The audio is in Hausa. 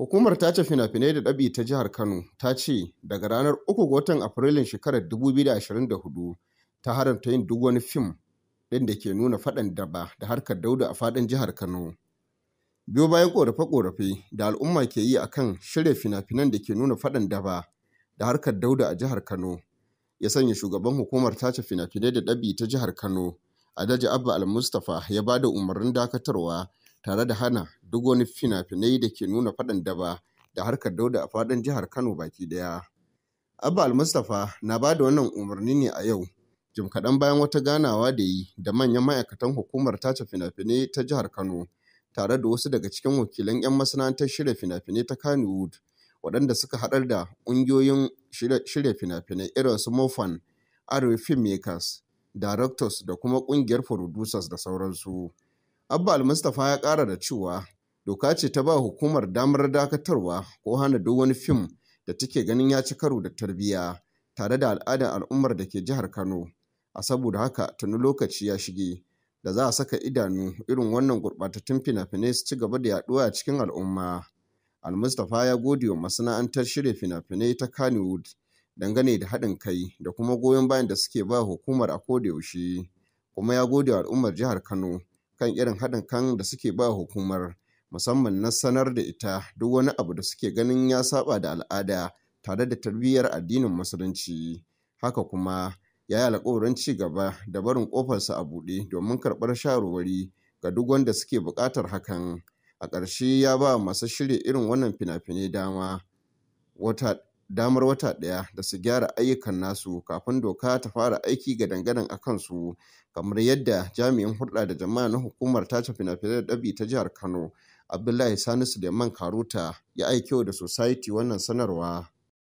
Hukumar tace fina-finai da ɗabi ta Jihar Kano ta ce daga ranar 3 ga watan Afrilun shekarar 2024 ta haramta yin duk wani fim ɗin da ke nuna faɗan daba da harkar dauda a faɗin Jihar Kano. Biyo bayan ƙorafe-ƙorafe da al'umma ke yi akan shirya fina-finan da ke nuna faɗan daba da harkar dauda a Jihar Kano ya sanya shugaban hukumar tace fina-finai da ɗabi ta Jihar Kano a daji Abba Al-Mustapha ya ba da umarnin dakatarwa tare da hana duk wani fina-finai da ke nuna faɗan daba da harkar dauda a faɗin jihar Kano baki ɗaya. Abba Al-Mustapha na ba da wannan umarni ne a yau, jim kaɗan bayan wata ganawa da yi da manyan ma'aikatan hukumar tace fina-finai ta jihar Kano, tare da wasu daga cikin wakilan 'yan masana'antar shirya fina-finai ta Kannywood, waɗanda suka haɗar da ƙungiyoyin shirya fina-finai irin su Mofan, Arewa Filmmakers, Directors da kuma ƙungiyar Producers da sauransu. Abba Almustapha ya kara da cewa doka ce ta ba hukumar damar dakatarwa ko hana duk wani fim da take ganin ya ci karo da tarbiyya tare da al'adar al'ummar da ke jihar Kano. A saboda haka tuni lokaci ya shige da za a saka idanu irin wannan gurɓatattun fina-finai su ci gaba da yaɗuwa a cikin al'umma. Almustapha ya gode wa masana'antar shirya fina-finai ta Kannywood dangane da haɗin kai da kuma goyon bayan da suke ba hukumar a kodayaushe kuma ya gode wa al'ummar jihar Kano kan irin haɗin kan da suke ba hukumar musamman na sanar da ita duk wani abu da suke ganin ya saba da al'ada tare da tarbiyyar addinin musulunci haka kuma ya yi alkawarin ci gaba da barin kofarsa a buɗe domin karɓar shawarwari ga duk wanda suke buƙatar hakan a ƙarshe ya ba masu shirya irin wannan fina-finai dama wata damar wata ɗaya da su gyara ayyukan nasu kafin doka ta fara aiki ga dangadan a kansu kamar yadda jami'in hulɗa da jama'a na hukumar tace fina-finai da ɗabi ta jihar kano abdullahi sani suleiman karuta ya aiki da society wannan sanarwa